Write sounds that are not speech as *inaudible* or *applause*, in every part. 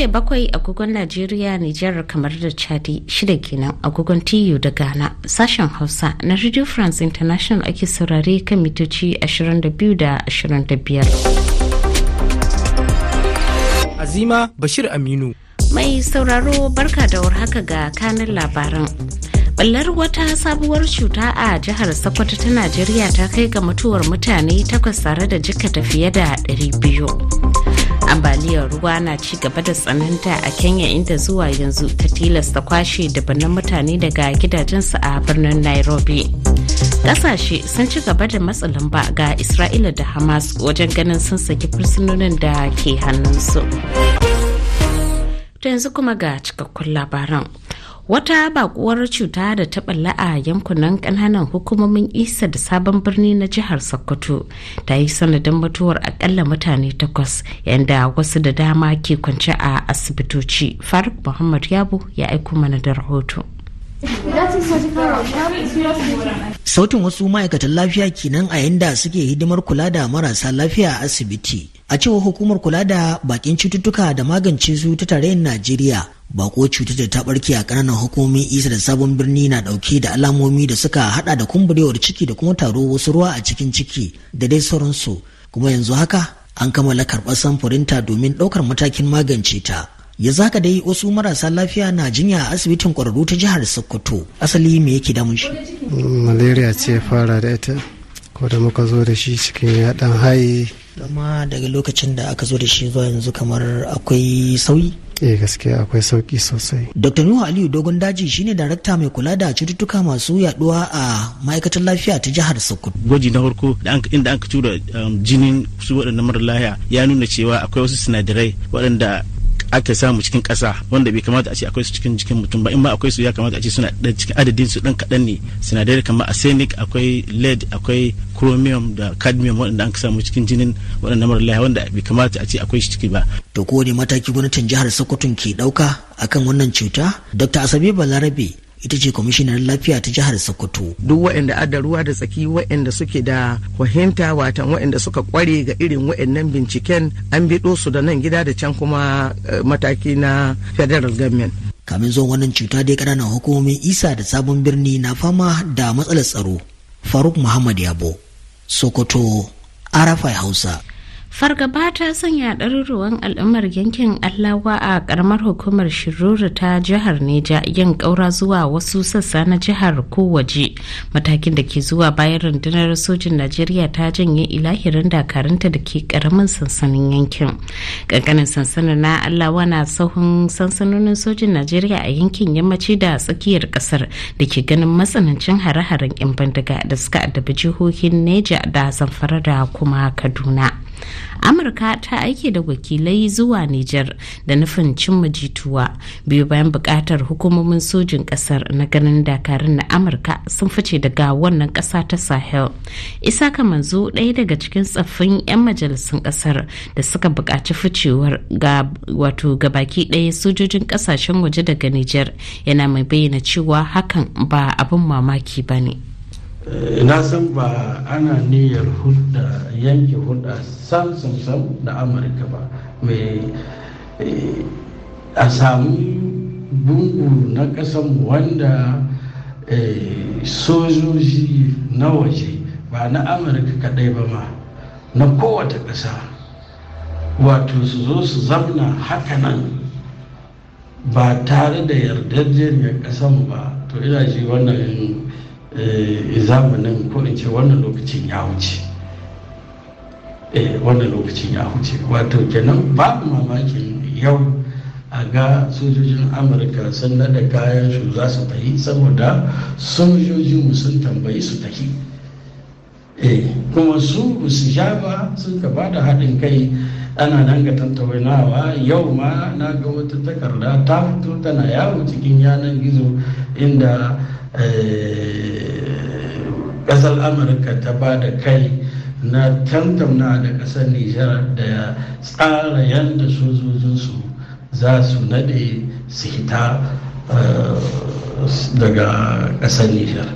karfe bakwai agogon Najeriya, Nijar kamar da Chadi shida kenan agogon TU da Ghana sashen Hausa na Radio France International ake saurare kan mitoci 22 da 25. Azima Bashir Aminu. Mai sauraro barka da warhaka ga kanin labaran. ballar wata sabuwar cuta a jihar Sokoto ta Najeriya ta kai ga mutuwar mutane takwas tare da jikata fiye da 200. ambaliyar ruwa na ci gaba da tsananta a kenya inda zuwa yanzu ta tilasta kwashe dabannin mutane daga gidajensu a birnin nairobi kasashe sun ci gaba da matsa lamba ga isra'ila da hamas wajen ganin sun saki fursunonin da ke hannunsu Ta yanzu kuma ga cikakkun labaran wata bakuwar cuta da ta balla a yankunan kananan hukumomin isa da sabon birni na jihar sokoto ta yi sanadin mutuwar akalla mutane takwas yadda wasu da dama ke kwance a asibitoci faruk muhammad yabo ya aiko mana da rahoto sautin wasu ma'aikatan lafiya kenan a yadda suke hidimar kula da marasa lafiya a asibiti a cewar hukumar kula da bakin cututtuka da magance su ta tarayyar najeriya bako cutar da ta barke a kananan hukumomin isa da sabon birni na ɗauke da alamomi da suka hada da kumburewar ciki da kuma taro wasu ruwa a cikin ciki da dai sauransu kuma yanzu haka an kammala karɓar samfurinta domin ɗaukar matakin magance ta yanzu haka dai wasu marasa lafiya na jinya a asibitin kwararru ta jihar sokoto asali me yake damun shi malaria ce fara da ita ko da muka zo da shi cikin ya kuma daga lokacin da aka zo da shi zuwa yanzu kamar akwai sauyi eh gaskiya akwai sauki sosai dr nuhu aliyu dogon daji shine darakta mai kula da cututtuka masu yaduwa a ma'aikatar lafiya ta jihar sokoto gwaji na farko inda an ka tura um, jinin su waɗanda mara lahiya ya nuna cewa akwai wasu sinadarai waɗanda aka samu cikin ƙasa wanda bai kamata a ce akwai su cikin jikin mutum ba in ma akwai su ya kamata a ce suna da cikin adadin su dan kaɗan ne sinadarai kamar arsenic akwai lead akwai chromium da cadmium waɗanda an samu cikin jinin waɗanda mara laya wanda bai kamata a ce akwai shi ciki ba. To ko kowane mataki gwamnatin jihar Sokoto ke ɗauka akan wannan cuta? Dr. asabi Balarabe ita ce kwamishinar lafiya ta jihar sokoto duk waɗanda adda ruwa da tsaki waɗanda suke da fahimta watan waɗanda suka kware ga irin waɗannan binciken an biɗo su da nan gida da can kuma eh, mataki na federal government kamin zuwan wannan cuta dai ƙananan hukumomin isa da sabon birni na fama da matsalar tsaro faruk muhammad yabo sokoto arafai hausa fargaba ta sanya ɗaruruwan al'ummar yankin allawa a ƙaramar hukumar shiruru ta jihar neja yin ƙaura zuwa wasu sassa na jihar ko waje matakin da ke zuwa bayan rundunar sojin najeriya ta janye ilahirin dakarunta da ke ƙaramin sansanin yankin ƙanƙanin sansanin na allawa na sahun sansanonin sojin najeriya a yankin yammaci da tsakiyar ƙasar da ke ganin matsanancin hare-haren 'yan bindiga da suka addabi jihohin neja da zamfara da kuma kaduna amurka ta aike da wakilai zuwa nijar da nufin cimma jituwa biyu bayan bukatar hukumomin sojin kasar na ganin dakarun na amurka sun fice daga wannan kasa ta sahel isa ka manzo ɗaya daga cikin tsaffin 'yan majalisun kasar da suka bukaci ficewar ga wato gabaki ɗaya sojojin kasashen waje daga nijar yana mai bayyana cewa hakan ba abin mamaki ba ne na san ba ana niyyar hudda yanke hulɗa sam sam sam da amurka ba mai eh, a samu bungu na kasan wanda eh, sojoji na waje ba na amurka kadai ba ma na kowace ƙasa wato su zo su zamna nan ba tare da yardajeniyar ƙasan ba to ina ji wannan Eh, zamanin ko in ce wannan lokacin ya wuce eh, wannan lokacin ya wuce wato kenan babu mamakin yau a ga sojojin amurka sun nada kayan su za su tafi saboda sojojinmu sun tambayi su tafi eh, kuma su su sha ba sun ka ba da haɗin kai ana nan ga tattaunawa yau ma na ga wata takarda ta fito tana yawo cikin yanar gizo inda eh, ƙasar amurka ta ba da kai na tantauna da ƙasar nijar da tsara yadda sojojinsu za su nade su hita eh, daga ƙasar nijar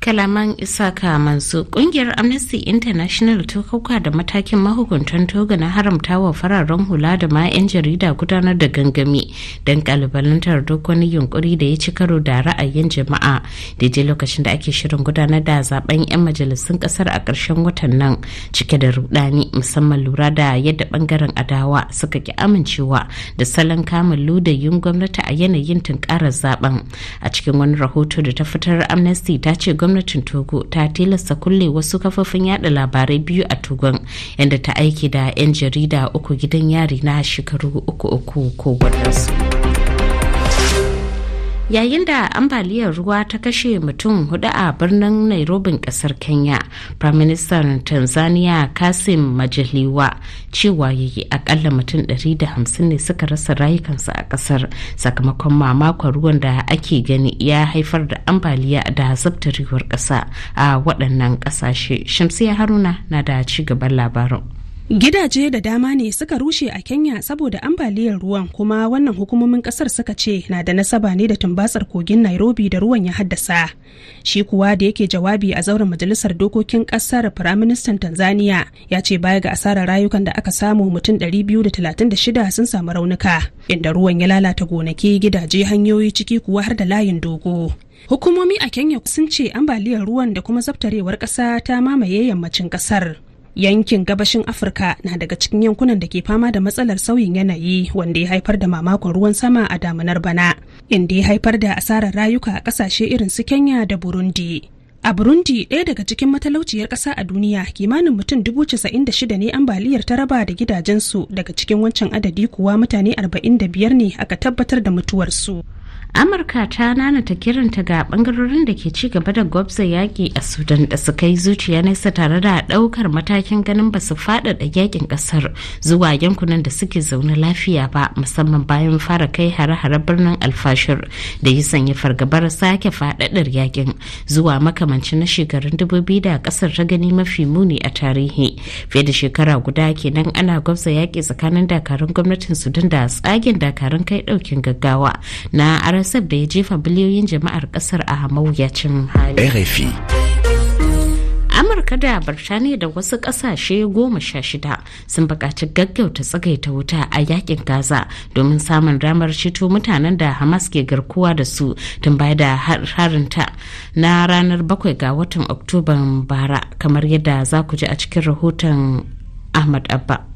kalaman isaka mansu kungiyar amnesty international ta kauka da matakin mahukuntan toga na haramta wa fararen hula da ma 'yan jarida gudanar da gangami don kalubalantar duk wani yunkuri da ya ci karo da ra'ayin jama'a daidai lokacin da ake shirin gudanar da zaben 'yan majalisun kasar a karshen watan nan cike da rudani musamman lura da yadda bangaren adawa suka ki amincewa da salon kamun ludayin gwamnati a yanayin tunkarar zaben a cikin wani rahoto da ta fitar amnesty ta ce gwamnati gwamnatin togo ta tilasta kulle wasu kafofin yada labarai biyu a togon yadda ta aiki da 'yan jarida uku gidan yari na shekaru uku uku ko wadansu. yayin da ambaliyar ruwa ta kashe mutum hudu a birnin nairobi kasar kenya prime minister tanzania kasim majaliwa cewa yayi akalla mutum 150 ne suka rasa rayukansu a kasar sakamakon mamakon ruwan da ake gani ya haifar da ambaliya da zabtarewar kasa a waɗannan ƙasashe shamsiya haruna na da ci gaban labarin Gidaje da dama ne suka rushe a Kenya saboda ambaliyar ruwan kuma wannan hukumomin kasar suka ce na da nasaba ne da tumbatsar kogin Nairobi da ruwan ya haddasa. Shi kuwa da yake jawabi a zauren majalisar dokokin kasar Firaministan Tanzania ya ce baya ga asarar rayukan da aka samu mutum 236 sun samu raunuka inda ruwan ya lalata gonaki gidaje hanyoyi ciki kuwa har da layin dogo. Hukumomi a Kenya sun ce ambaliyar ruwan da kuma zabtarewar ƙasa ta mamaye yammacin ƙasar. yankin gabashin afirka na daga cikin yankunan da ke fama da matsalar sauyin yanayi wanda ya haifar da mamakon ruwan sama a damunar bana inda ya haifar da asarar rayuka a ƙasashe irin su kenya da burundi a burundi ɗaya daga cikin matalauciyar ƙasa a duniya kimanin mutum dubu casa'in da shida ne ambaliyar ta raba da gidajensu daga cikin wancan adadi kuwa mutane arba'in da biyar ne aka tabbatar da mutuwarsu amurka ta nana ta kiranta ga bangarorin da ke ci gaba da gwabza yaƙi a sudan da suka yi zuciya nesa tare da ɗaukar matakin ganin ba su faɗaɗa yaƙin ƙasar zuwa yankunan da suke zaune lafiya ba musamman bayan fara kai hare-hare birnin alfashir da ya sanya fargabar sake faɗaɗar yaƙin zuwa makamancin na shekarun dubu biyu da ƙasar ta gani mafi muni a tarihi fiye da shekara guda kenan ana gwabza yaƙi tsakanin dakarun gwamnatin sudan da tsagen dakarun kai ɗaukin gaggawa na rasab da ya jefa biliyoyin jama'ar kasar a mawuyacin hali amurka da birtaniya da wasu kasashe goma sha shida sun buƙaci gaggauta tsagaita wuta a yakin gaza domin samun damar ceto mutanen da hamas ke garkuwa da su tun baya da harinta na ranar bakwai ga watan oktoban bara kamar yadda za ku ji a cikin rahoton ahmad abba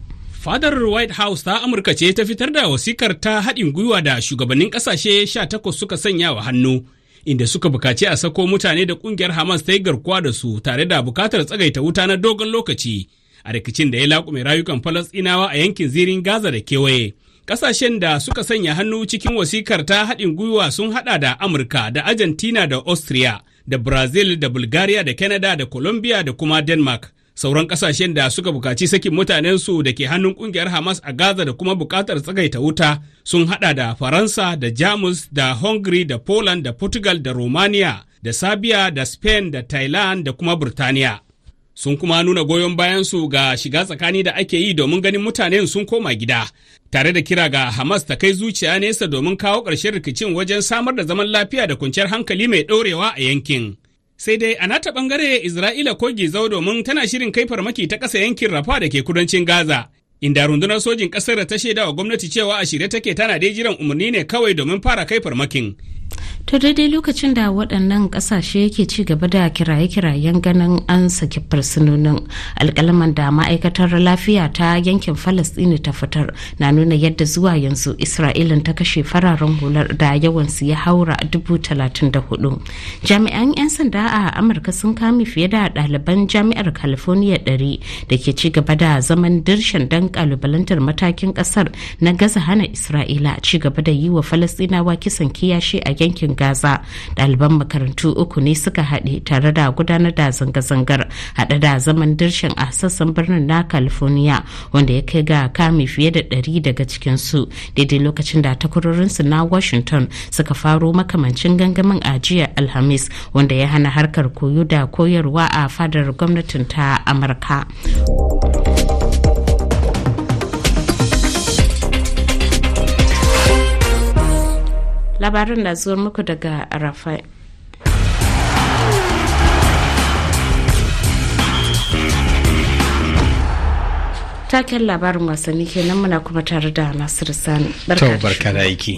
Fadar White House ta Amurka ce ta fitar da wasikar ta haɗin gwiwa da shugabannin ƙasashe sha takwas suka sanya wa hannu, inda suka bukaci a sako mutane da ƙungiyar Hamas ta yi garkuwa da su tare da bukatar tsagaita wuta na dogon lokaci a rikicin da ya laƙume rayukan Falasɗinawa a yankin zirin Gaza da kewaye. Ƙasashen da suka sanya hannu cikin wasikar ta haɗin gwiwa sun haɗa da Amurka da Argentina da Austria da Brazil da Bulgaria da Canada da Colombia da kuma Denmark. sauran kasashen da suka bukaci sakin mutanensu da ke hannun kungiyar hamas a gaza da kuma bukatar tsagaita wuta sun hada da faransa da jamus da hungary da poland da portugal da romania da sabia da spain da thailand da kuma Birtaniya. sun kuma nuna goyon bayansu ga shiga tsakani da ake yi domin ganin mutanen sun koma gida tare da kira ga hamas ta kai zuciya nesa domin kawo ƙarshen rikicin wajen samar da zaman lafiya da kwanciyar hankali mai ɗorewa a yankin. Sai dai a nata bangare Isra'ila ko Gizau domin tana shirin kai farmaki ta ƙasa yankin Rafa da ke kudancin Gaza. Inda rundunar sojin ƙasar ta shaida wa gwamnati cewa a shirye take tana dai jiran umarni ne kawai domin fara kai farmakin. ta daidai lokacin da waɗannan ƙasashe ke ci gaba da kiraye-kirayen ganin an saki fursunonin alƙalaman da ma'aikatar lafiya ta yankin falastini ta fitar na nuna yadda zuwa yanzu isra'ilin ta kashe fararen hular da su ya haura dubu talatin da hudu jami'an 'yan sanda a amurka sun kame fiye da ɗaliban jami'ar california ɗari da ke ci gaba da zaman dirshan don ƙalubalantar matakin ƙasar na gaza hana isra'ila ci gaba da yi wa falastinawa kisan kiyashi a yankin gaza ɗaliban makarantu uku ne suka haɗe tare da gudanar da zanga-zangar haɗe da zaman dirshin a sassan birnin na california wanda ya kai ga kame fiye da ɗari daga cikinsu daidai lokacin da takwarorinsu na washington suka faro makamancin gangamin a jiya alhamis wanda ya hana harkar koyo da koyarwa a fadar gwamnatin ta amurka labarin na zuwa muku daga rafai taken labarin wasanni kenan muna kuma tare da Nasir Sani. To barka da aiki.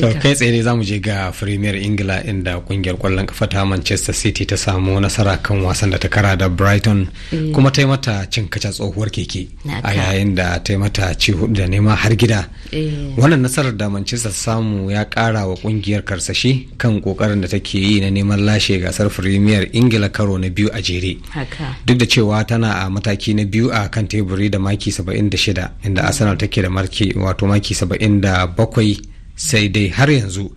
To kai tsaye za mu je ga Premier Ingila inda kungiyar kwallon kafa ta Manchester City ta samu nasara kan wasan da ta kara da Brighton eh. kuma ta yi mata cin kaca tsohuwar keke a yayin da ta yi mata ci hudu da nema har gida. Eh. Wannan nasarar da Manchester samu ya kara wa kungiyar karsashi kan kokarin da take yi na neman lashe gasar Premier Ingila karo na biyu a jere. Duk da cewa tana a mataki na biyu a kan teburi da maki 76 inda arsenal take da marki wato maki 77 sai dai har yanzu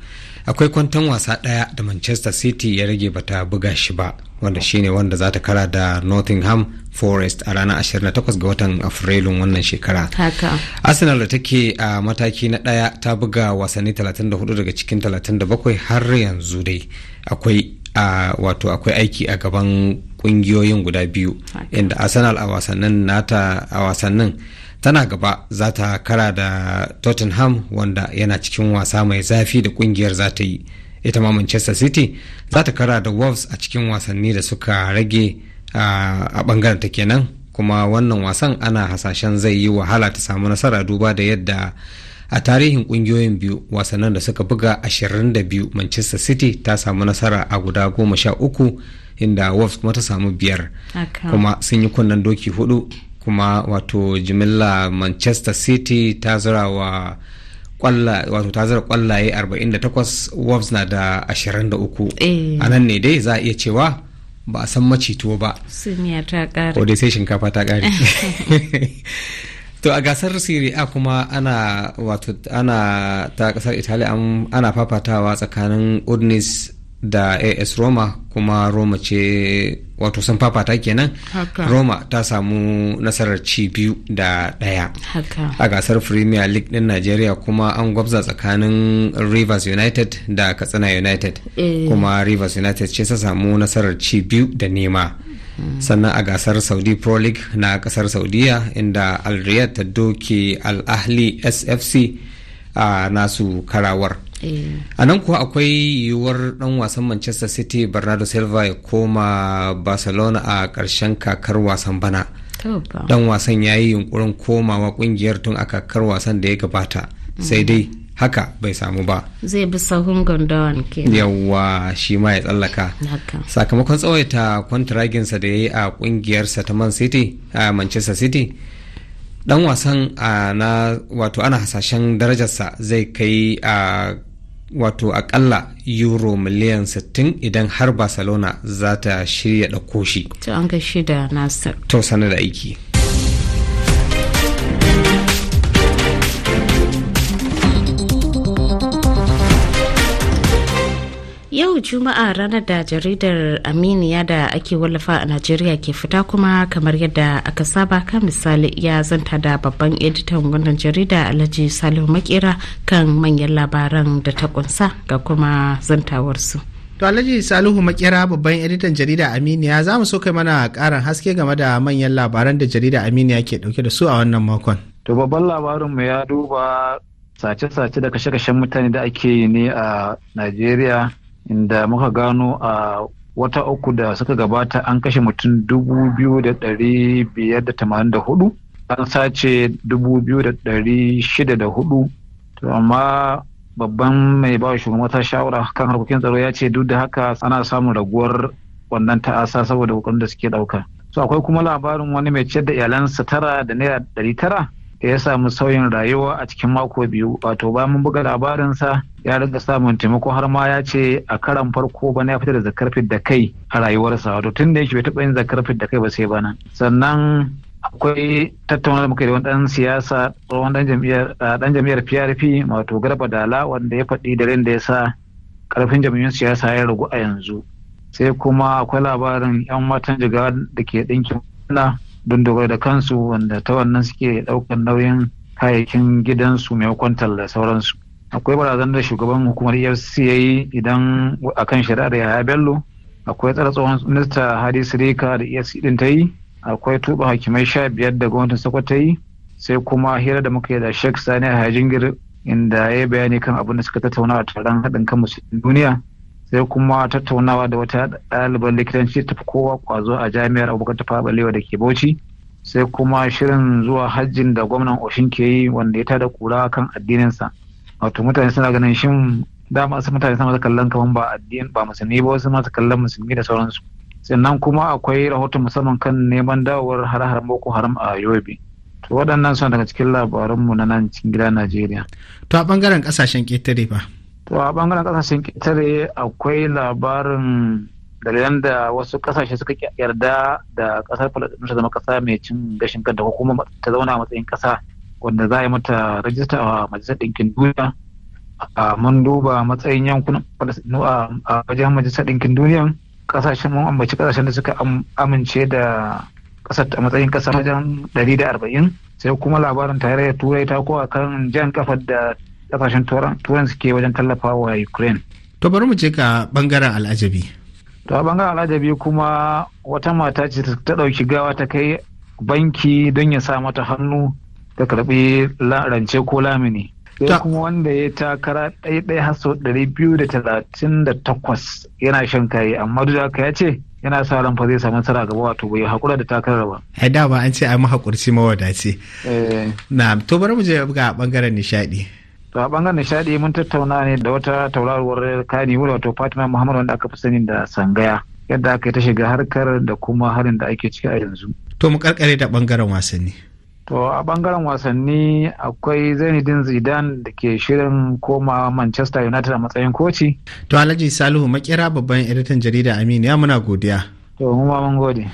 akwai kwantan wasa daya da manchester city ya rage bata buga shi ba wanda shine wanda za ta kara da nottingham forest a ranar 28 ga watan afrilun wannan shekara arsenal da take a mataki na daya ta buga wasanni 34 daga cikin 37 har yanzu dai akwai wato akwai aiki a gaban kungiyoyin guda biyu inda arsenal a wasannin nata a wasannin tana gaba za ta kara da tottenham wanda yana cikin wasa mai zafi da kungiyar za ta yi ita ma manchester city za ta kara da wolves a cikin wasanni da suka rage a bangaren ta kenan kuma wannan wasan ana hasashen zai yi wahala ta samu nasara duba da yadda a tarihin kungiyoyin biyu wasannin da suka buga 22 manchester city ta samu nasara a guda 13 inda wolves kuma ta samu biyar kuma sun yi kunnen doki hudu kuma wato jimilla manchester city ta zura wa wato ta zira kwallaye 48 wolves na da 23 eh. a nan ne dai za a iya cewa ba a san macituwo ba sai shinkafa ta kare *laughs* *laughs* to a gasar Serie A kuma ana wato ana ta kasar Italiya ana fafatawa tsakanin udnis da AS Roma kuma Roma ce wato sun fafata kenan Roma ta samu nasarar ci biyu da daya a gasar Premier League din Najeriya kuma an gwabza tsakanin Rivers United da Katsina United eh. kuma Rivers United ce ta samu nasarar ci biyu da nema sannan a gasar saudi pro league na kasar saudiya inda al ta doke al-ahli sfc a nasu karawar eh. a nan kuwa akwai yiwuwar dan wasan manchester city bernardo silva ya koma barcelona a ƙarshen kakar wasan bana dan wasan ya yi yunkurin komawa kungiyar tun a kakar wasan da ya gabata sai mm. dai haka bai samu ba zai bi sahun gondawan ke yawa shi ma ya tsallaka sakamakon tsawaita kwantaraginsa da ya yi a kungiyarsa ta man city a manchester city dan wasan na wato ana hasashen darajarsa zai kai a wato akalla euro miliyan 60 idan har barcelona za ta shirya ɗauko shi to an ga shida nasar. to sanar da aiki yau juma'a ranar da jaridar aminiya da ake wallafa a najeriya ke fita kuma kamar yadda aka saba ka misali ya zanta da babban editan wannan jarida alhaji salihu makera kan manyan labaran da ta kunsa ga kuma zantawarsu to alhaji salihu makera babban editan jarida aminiya za mu so kai mana karin haske game da manyan labaran da jarida aminiya ke dauke da su a wannan makon to babban labarin mu ya duba sace-sace da kashe-kashen mutane da ake yi ne a najeriya inda muka gano a wata uku da suka gabata an kashe mutum dubu biyu da dari biyar da tamanin da hudu an sace dubu biyu da dari shida da hudu to amma babban mai ba shugaban ta shawara kan harkokin tsaro ya ce duk da haka ana samun raguwar wannan ta'asa saboda kokarin da suke ɗauka so akwai kuma labarin wani mai ciyar da iyalansa tara da naira dari tara da ya samu sauyin rayuwa a cikin mako biyu wato bayan mun buga labarinsa ya riga samun taimako har ma ya ce a karan farko bana ya fita da zakarfi da kai a rayuwarsa wato tun da yake bai taɓa yin zakar da kai ba sai bana sannan akwai tattaunawa da muka da wani dan siyasa tsohon dan jam'iyyar dan jam'iyyar PRP wato Garba Dala wanda ya faɗi da da ya sa karfin jam'iyyun siyasa ya ragu a yanzu sai kuma akwai labarin yan matan jigawa da ke ɗinkin dundugai da kansu wanda ta wannan suke ɗaukar nauyin kayayyakin gidansu mai maimakon da sauransu akwai barazanar da shugaban hukumar efcc ya yi idan akan shari'ar yahaya bello akwai tsara tsohon minista hadi sirika da efcc din ta yi akwai tuba hakimai sha biyar da gwamnatin sokoto ta yi sai kuma hira da muka yi da sheikh sani hajingir inda ya bayani kan abin da suka tattauna a taron haɗin kan musulmi duniya sai kuma tattaunawa da wata ɗaliban likitanci ta kowa kwazo a jami'ar abubakar ta da ke bauchi sai kuma shirin zuwa hajjin da gwamnan oshin ke yi wanda ya tada kura kan addininsa wato mutane suna ganin shin dama su mutane suna kallon kaman ba addini ba musulmi ba wasu masu kallon musulmi da sauransu sannan kuma akwai rahoton musamman kan neman dawowar har-har boko haram a yobe to waɗannan suna daga cikin labarunmu na nan cikin gida najeriya to a ɓangaren ƙasashen ƙetare ba to a bangaren kasashen ƙetare akwai labarin dalilan da wasu kasashe suka yarda da kasar falastin ta zama kasa mai cin gashin kanta ko kuma ta zauna a matsayin kasa wanda za a yi mata rajista a majalisar ɗinkin duniya a mun duba matsayin yankunan falastinu a wajen majalisar ɗinkin duniya kasashen mun ambaci kasashen da suka amince da kasar a matsayin kasa wajen arba'in sai kuma labarin tarayyar turai ta kowa kan jan kafar da kasashen turan suke wajen tallafa wa ukraine to bari mu je ka bangaren al'ajabi to a bangaren al'ajabi kuma wata mata ce ta ɗauki gawa ta kai banki don ya sa mata hannu ta karɓi rance ko lamini sai kuma wanda ya takara ɗaiɗai har sau ɗari biyu da talatin da takwas yana shan kayi amma duk da haka ya ce yana sa ran fa zai samu nasara gaba wato bai hakura da takarar ba. Ai da ba an ce ai mahakurci mawadaci. Eh. Na to bari mu je ga bangaren nishaɗi. to a bangaren nishadi mun tattauna ne da wata tauraruwar kani wuri wato fatima muhammad wanda aka fi sani da sangaya yadda aka yi ta shiga harkar da kuma harin da ake ciki a yanzu to mu karkare da bangaren wasanni to a bangaren wasanni akwai zainuddin zidan da ke shirin koma manchester united a matsayin koci to alhaji salihu makera babban editan jarida aminu ya muna godiya to mu ma mun gode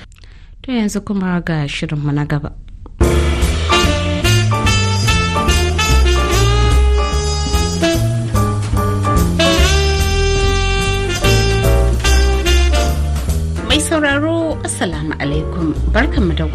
to yanzu kuma ga shirin mu na gaba sauraro Assalamu alaikum barkanmu da